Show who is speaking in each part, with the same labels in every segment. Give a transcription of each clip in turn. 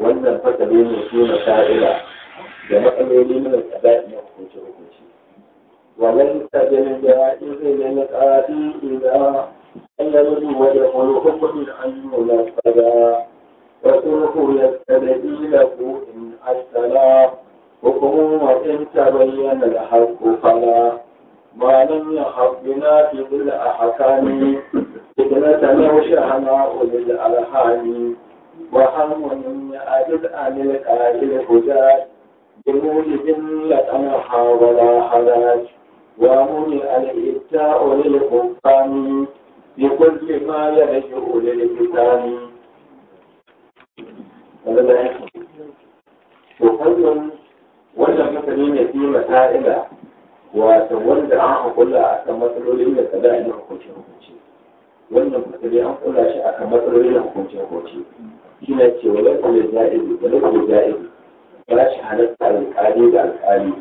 Speaker 1: wannan fasali ne su masa'ila da matsaloli na tsada na hukunci hukunci
Speaker 2: wannan tsagenin
Speaker 1: da in zai ne na tsari idan an yi rubu wajen wani hukunci da an yi na tsada wasu ruhu da tsada ila ko in asala hukumun wa in ta bayyana da harko fala ma nan ya na fi zula a hakani idan ta naushe hana da alhani وهم يعجز عن الآل هجاج بموجب لتنحى ولا حلاج ومنع الإبتاء للقرآن بكل ما يرجع للكتاب وكل wannan masani ne fi masa'ila wato wanda an kula a kan matsaloli da kada a hukunci hukunci wannan masali an kula shi a kan matsalolin hukunci hukunci shi na ce wala kuma da wala kuma za'ibi ba shi halatta alƙali da alƙali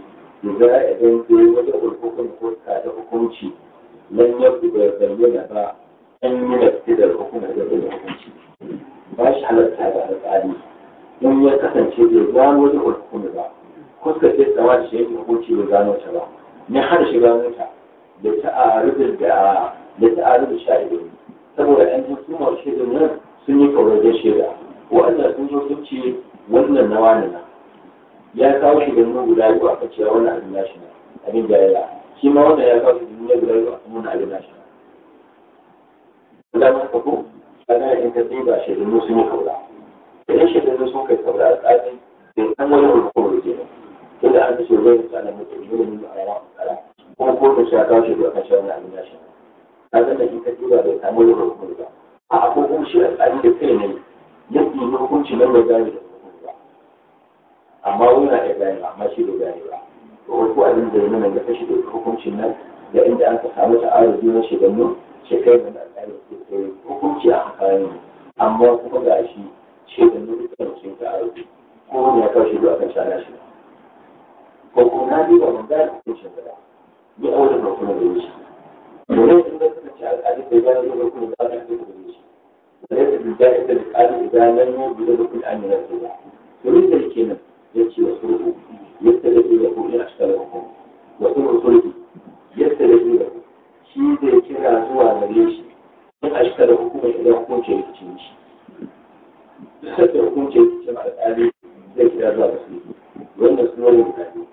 Speaker 1: da za a idan zai wata hukun ko ta da hukunci nan ya fi da bayyana ba an yi nafi da hukun da hukunci ba shi halatta da alƙali in ya kasance bai gano da hukun ba kuka ce tsawa da shi yake hukunci bai gano ta ba ne har shi gano ta da ta'arubin da da ta'arubin sha'idin saboda 'yan hukumar shaidin nan sun yi kawar da shaida waɗanda sun zo sun ce wannan na wani na ya kawo shi ganin guda biyu aka ce wannan abin nashi na abin da ya shi ma wannan ya kawo shi ganin guda biyu aka nuna abin nashi na da ma ka ko kana in ka tsiba shi da sun yi kaura idan shi da sun kai kaura a tsarin da san wani hukumar ke ba inda an ce zai tsana mutum ne ne a yawa kuma ko ta sha kawo shi da aka ce wannan abin nashi na kaga da in ka tsiba bai samu wani hukumar nan bai gane da ba amma wuna ya gane amma shi bai gane ba to wasu abin da yana nan ga kashi da hukuncin nan da inda aka samu ta'arudi na shekarun shekarun da aka yi hukunci a tsakanin amma kuma ga shi shekarun dukkan sun ta'arudi ko wani ya kawo shi zuwa kan shana shi ko ko na biyu ba mun gane hukuncin ba ni a wajen da kuma da wuce domin sun da suka ci alƙalin bai gane da kuma da aka yi da wuce wadda su da ita da kari da nan yau biyu da bakin an yi na zuwa turin da ke nan ya wasu rufu yadda da ke rufu ya shi kala rufu wasu rufu yadda da ke rufu shi zai kira zuwa da shi ya a shi kala idan hukunce ya ce shi sai da hukunce zai kira zuwa da su wanda da ne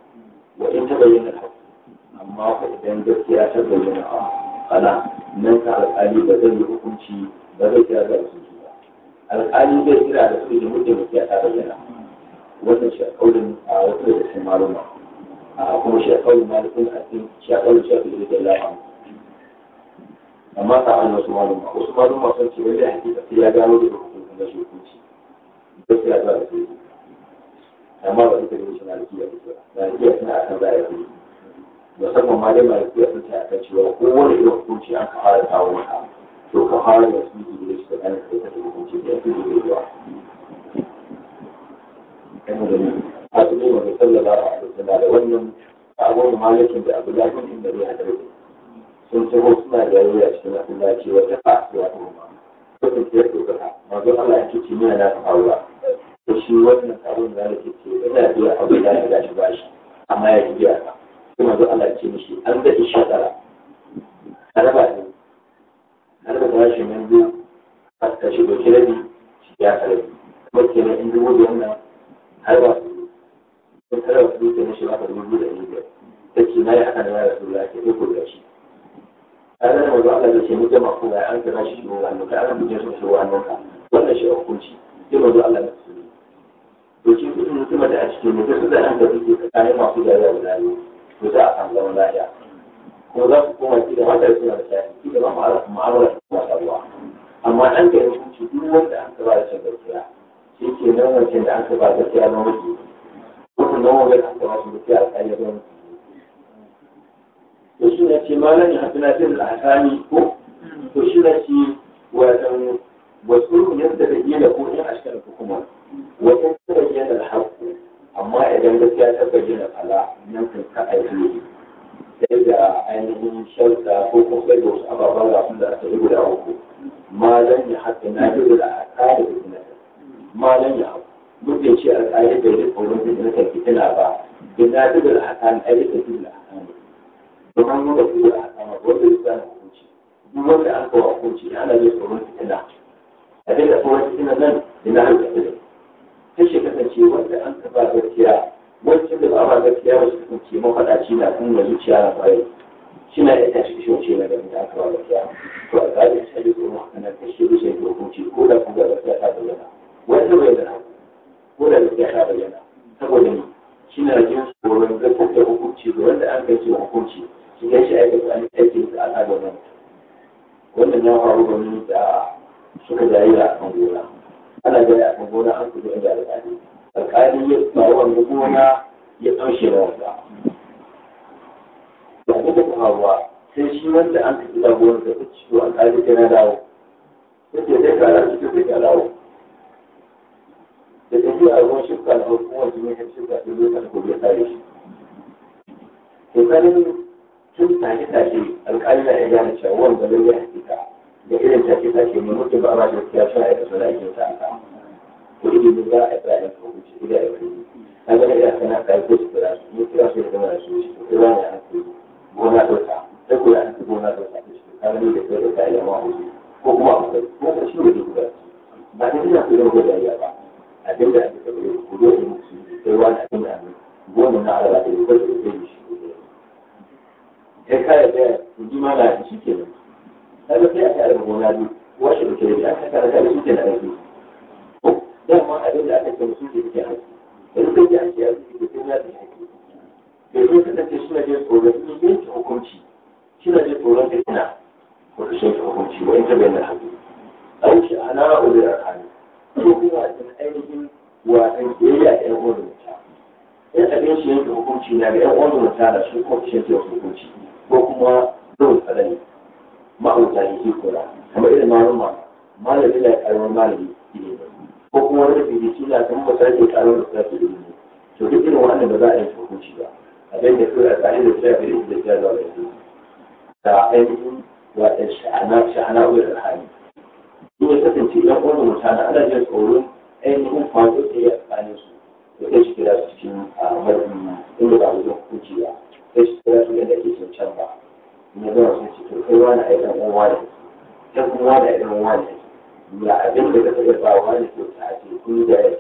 Speaker 1: wa in taɓa yin amma ku idan gaskiya ta bayyana a ana nan ka alƙali ba zai yi hukunci ba zai kira da wasu ba alƙali zai kira da su da mutum ya ta bayyana wannan shi a kaulin a wata da sun maluma a kuma shi a kaulin malikun hakim shi a kaulin shafi da da lafa amma ta an wasu maluma wasu maluma sun ce wani hakika sai ya gano da hukuncin da shi hukunci ba sai ya zuwa da su amma ba ita ne shi malikiya ba malikiya suna a kan za a yi musamman ma dai malikiya sun ce a kan cewa kowane irin hukunci an kawo da kawo wata to ka fara da su da shi da ɗan da ta tafi cikin da su da zuwa a su ne wani sallaba alaihi wasallam da wannan abubuwan malakin da abu lafin inda ne a dare sun taho suna da yawo a cikin masallaci wata kasuwa ta mama ko ta ke dokaka mazo Allah ya ce ni na kawowa to shi wannan abun da yake ce ina biya abu da ya gashi bashi amma ya biya ka kuma mazo Allah ya ce mishi an da shi shakara araba ne har da bashin yanzu har ta shigo kirabi shi ya karbi kuma kenan in dubu da wannan har ba sun tara wa kudu kenan shi ba ka dubu da ɗari biyar ta na yi haka na yara su lafiya ke ko da shi a ranar mazu Allah da ce mutum a kuma ya an kira shi shi wa annuka an rubuce su shi wa annuka wannan shi a hukunci ainihin shauta ko kuma da wasu ga sun da aka yi guda uku zan ya haɗa na yi da a ƙara ma zan yi haɗa duk da ce a ƙari bai da na fitinata tana ba bin na yi da a kan ayi da fitina a ƙari domin yi da fitina a ƙari wanda ya zama hukunci duk wanda an kawo hukunci ana yi tsoron fitina a dai da tsoron fitina nan bin na yi da ta shi kasance wanda an kafa gaskiya wancan da ba ma gaskiya ba su kasance mafaɗaci na kuma zuciya na ƙwarai kina da ita cikin shi da da aka wala ya to a da ko da kuma ko ya tsare shi kokarin tun tashi tashi alƙali na iya gane cewa wanda zai ya hakika da irin tashi tashi ne mutum ba a ba shi gaskiya shi na aikata da aikin sa aka ko ilimin za a yi tsarin ka wuce idan ya wuce na gane ya sana ka yi ko su kira su ne kira su da zama da su shi ko ba ne a hankali gona ɗauka sai ko ya hankali gona ɗauka da shi ka gani da kai da ka yi yawa wuce ko kuma a kai ko ka shi ne da kuka ba ta ina ko da ba da ake tabbata ko da ya mutu sai wani abinda abinda goma na Allah da yau da zai shi ya kare da kuji ma da shi ke nan kaga sai aka arba gona biyu washe da ke da aka kare da shi ke da aiki dan ma abin da aka kare su ke aiki in sai ya ce ya ce ko ya da aiki da yau kada ce shi na je tsoron shi ne hukunci shi na je tsoron da ina ko shi hukunci wa in ta bayyana hakki an shi ana ulil arham ko kuma ainihin wa an kiyaya ɗan uwan mutum in abin shi yanke hukunci na ga 'yan uwan zuwa da su ko shi yanke hukunci ko kuma zuwa tsanani ma'auta ne ke kula kamar irin malama malami na karamar malami ne ko kuma wani rubutu na kan masar ke karamar da su ne to duk irin wannan ba za a yi hukunci ba abin da kawai a tsarin da ta yi da ta zuwa da su da ainihin wata sha'ana sha'ana wuyar alhali duk ya kasance 'yan uwan zuwa da ana jin tsoron ainihin kwazo da ya tsakanin su da kai shi su cikin marmi inda ba wajen kuci ba kai shi kira su yadda ke sun can ba ne zama sun ce to kai wani aikin ɗan wani ta kuma da aikin wani ya abin da ka taɓa ba wani to ta ce kun da ya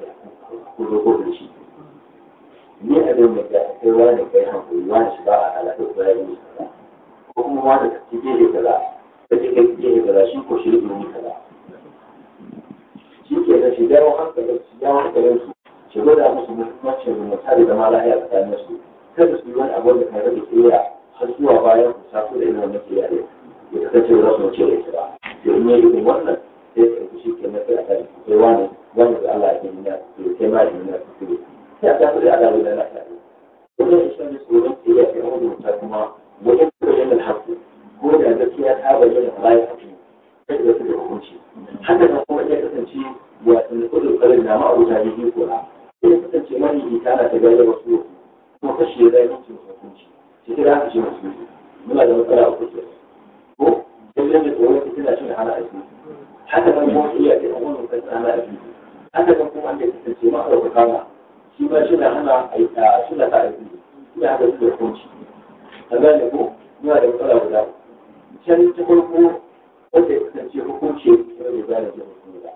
Speaker 1: ku zo ko da shi ni abin da ka kai wani kai hankali wani shi ba a halaka ko ya yi ko kuma wani ka ci gefe kaza ka ci gefe kaza shi ko shi ne kaza shi ke da shi dawo hankalin su dawo hankalin su su gwada musu muhimmancin rumunta da zama lahiya tsakanin su kada su yi wani abu da kan rage tsira har zuwa bayan ku sato da ina wannan tsira ne ya kasance ba su mace da ita ba to in yi irin wannan sai ka ɗauki shi ke mafi a kan su sai wani wani da Allah ya ke nuna su ke kai ma nuna su ke sai a tafi da Allah ya lafiya ne wannan shi ne tsoron tsira ke wani rumunta kuma wajen bayyana haƙƙi ko da gaskiya ta bayyana bayan haƙƙi sai da su da hukunci haka kuma ya kasance wasan da kudu karin da ma'aurata ne ko na ubangiji ta ta gare wasu wasu kuma kashi ya zai hukunci shi kira haka shi wasu muna da matsala a kusa ko sai da tsoron ta tana shin hana aiki haka nan kuma iya ta kuma mun kai hana aiki haka nan kuma an da ta ce ma ka kama shi ba shi na hana aiki shi na ta aiki shi na haka shi hukunci a gane ko muna da matsala guda can ta farko wanda ya kasance hukunci ne zai zai hukunci ba.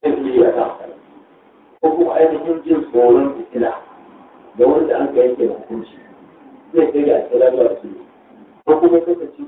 Speaker 1: Zai iya ko kuma ainihin jin tsoron fitila da wanda an ka yanke hukunci zai kai ga tsira zuwa su ko kuma kasance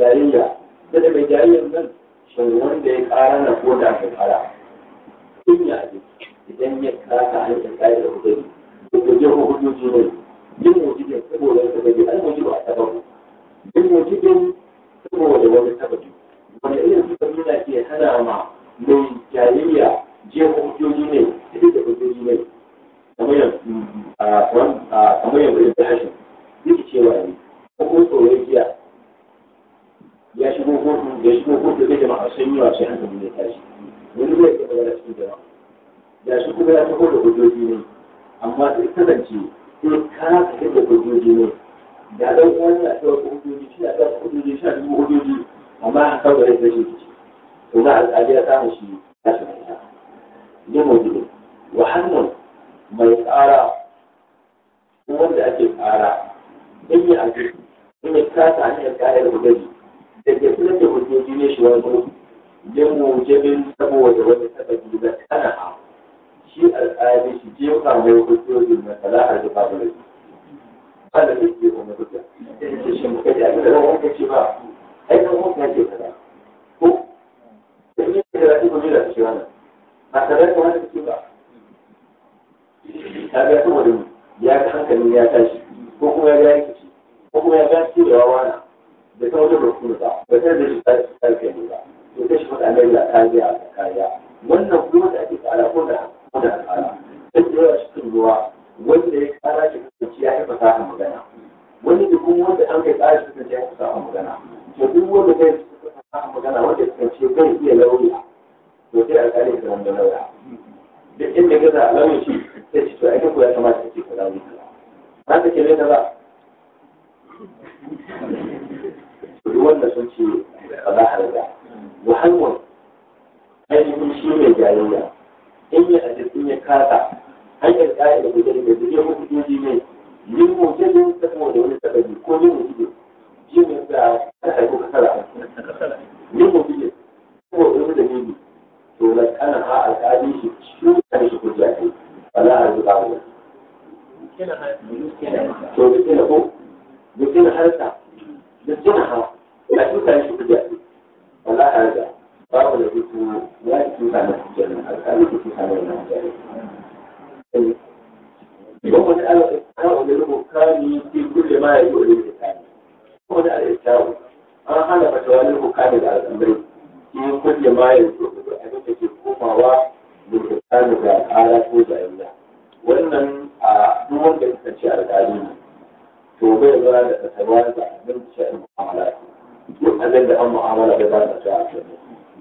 Speaker 1: jariya da daga jayayyan nan shin wanda ya kara na ko da ka fara in ya ji idan ya ƙara ta hanyar ƙa'idar hujjoji hujjoji ko hujjoji ne yin mujibin saboda wata gaji an mujibu a sababu yin mujibin saboda wani sababu wanda irin suka nuna ke hana ma mai jayayya je hujjoji ne ita da hujjoji ne kamar yanzu kamar yanzu da hashin yake cewa ne ko tsoron giya ya shigo kotu da shigo kotu da jama'a sun yi wasu hankali ne tashi wani zai ga magana cikin jama'a da shi kuma ya taho da hujjoji ne amma sai kasance sai ka ka da hujjoji ne da dan uwan ya taho da hujjoji shi ya taho da hujjoji shi ya taho da hujjoji amma a kan gare rashin kici to na alƙali ya samu shi ya shi mai ne mu ne wa hannun mai tsara wanda ake tsara in yi a in ya kasa hanyar kare da hujjoji da ke suna da hujjoji ne shi wani jamu jabin saboda wani sababi da kana shi al'adi shi je ka mai hujjoji na salahar da babu da shi ba da ke wani hujja da shi muka ji abin da zan wanka ce ba ai kan wanka ce kaza ko da ni da rafi ko da shi wannan ba ta da wani ce ba ta ga saboda ya ka hankali ya tashi ko kuma ya ga yake ko kuma ya ga cewa wani bai san wajen rasu ba bai san da shi tsarfe ne ba to sai shi faɗa mai la kariya da kariya wannan kuma da ake tsara ko da ko da tsara sai da yawa cikin ruwa wanda ya tsara shi kasance ya fasaha magana wani da kuma wanda an kai tsara shi kasance ya yi fasaha magana to duk wanda kai to bikin ko bikin harka ibada da abin da abin da an mu'amala da ba a cikin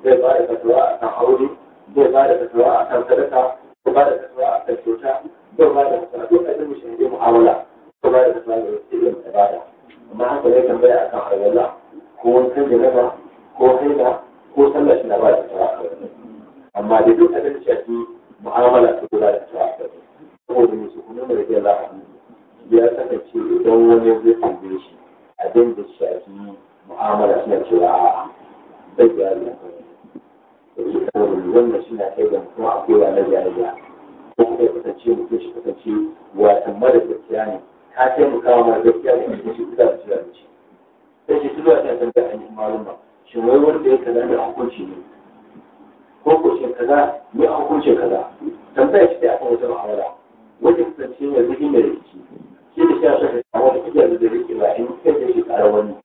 Speaker 1: zai ba da a kan aure zai ba da fatawa a kan sadaka zai ba da fatawa a kan kyauta zai ba da duk abin mu'amala zai ba da da ibada amma haka tambaya a kan ko wankan jaraba ko ko sallah shi na ba da fatawa amma da duk abin mu'amala da saboda musu kuma ya saka ce idan wani zai tambaye shi abin da shi a cikin mu'amala suna cewa a bai da yari da shi kawai wannan shi na kai da kuma akwai wa na jariya ko kuma ya kasance mutum shi kasance wata mara gaskiya ne
Speaker 2: ka taimaka wa mara gaskiya
Speaker 1: ne mutum shi kusa da shi da shi sai shi su zuwa ta tambaya an yi maluma shin wai wanda ya kaza ne hukunci ne ko ko shin kaza ne hukuncin kaza tambaya shi ta yi a akan wata mu'amala wanda kasance mai zai mai rikici sai da sha saka kawo da kiyar da rike ba in kai da shi ƙara wani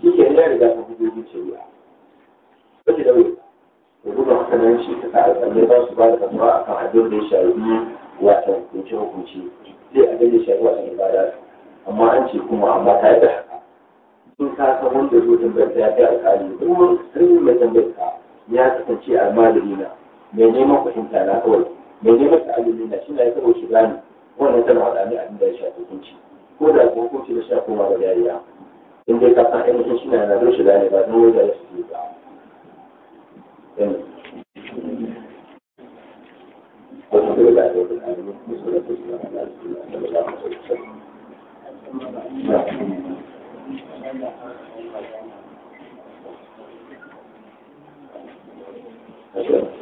Speaker 1: shi ke ya da ta fito zuciya ba ki daure da duka haka nan shi ka ƙara tsalle ba su ba da kasuwa a kan abin da ya shafi wata hukunci hukunci zai abin da ya shafi wata ibada amma an ce kuma amma ta yi da haka sun ka san wanda zo tambayar ta ya kai alƙali kuma sun mai tambayar ka ya kasance almalami na mai neman fahimta na kawai mai neman ta'alimi na shi na ya kawo shi gani? wannan tana haɗa ne abin da ya shafi hukunci ko da kuma hukunci da shi koma ga jariya in dai ka san ainihin shi na na rushe gane ba don wajen ya su ba. Thank you.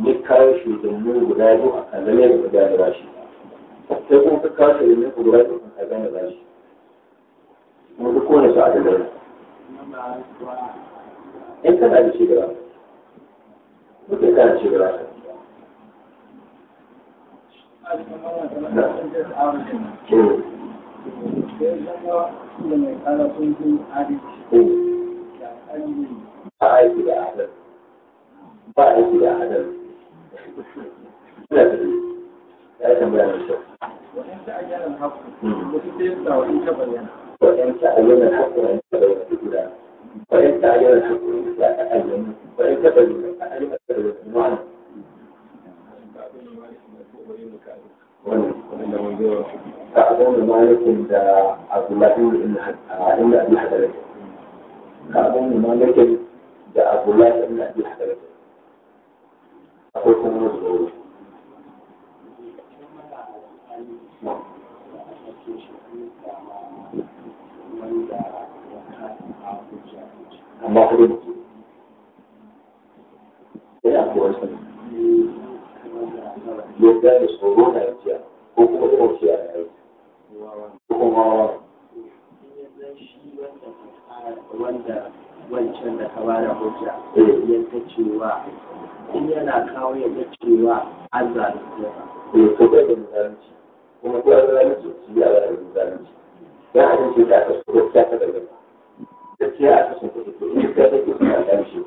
Speaker 1: ni kayan shugabannin guda biyu a kan da guda da bashi sai kuma ka kawo shugabannin guda biyu a kan da bashi mun duk kowane su a da in kana da shi gaba muke kana da shi gaba ba a yi da adal ba a da adal لا لا تنبغي أن نشوف وإن تأجل الحق وإن تيسع وإن تبين وإن تأجل الحق وإن تبين وإن تأجل الحق وإن تأجل وإن تبين أعلم أكثر معنى كأظن مالك دا عبد الله بن ابن حدلج كأظن مالك دا عبد الله بن ابي حدلج ko sun musu da tsoro ko kuma wanda wancan da ka bada hujja eh. yadda cewa mutum yana kawo ya ga cewa an zalunce bai ko bai da zalunci kuma ko an zalunci shi ya da zalunci dan a cikin da aka so ta ta daga gaskiya a cikin da ke yi da take so a zalunci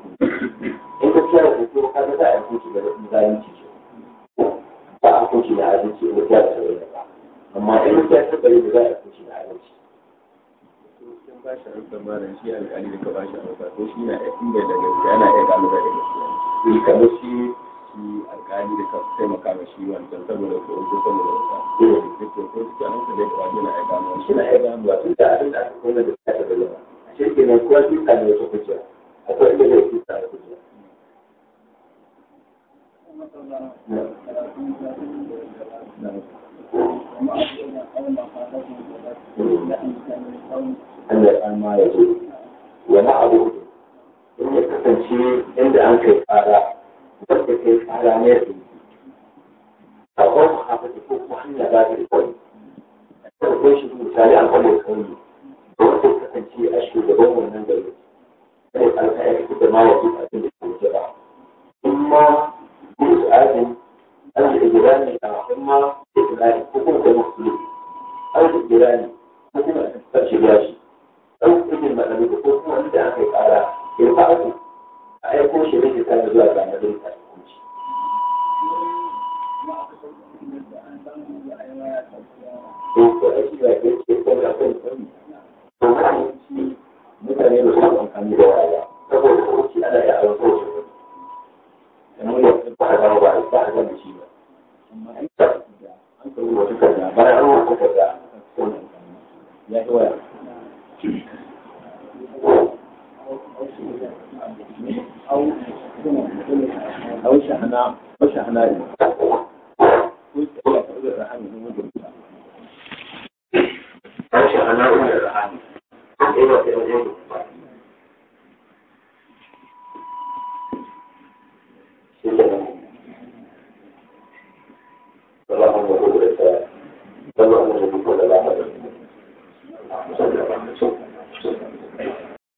Speaker 1: in da ko ka ga da a cikin da zalunci ba a kunshi da adalci in gaskiya da ta ba amma in gaskiya ta bari da za a kunshi da adalci ba shi a rukar malam shi alƙali da ka ba shi a rukar to shi na inda da gaskiya yana iya gano da gaskiya sai ka ga shi shi alƙali da ka taimaka ma shi wancan saboda ko ko saboda wata ko wani fito ko shi kan ka dai kawai na aika ma shi na aika ma ba tun da abin da aka kona da ta da ba shi kenan ko shi ka da wata kuciya kuma mutu ajin an da igirani a kuma. bara ruwan kuka ga ya yi waya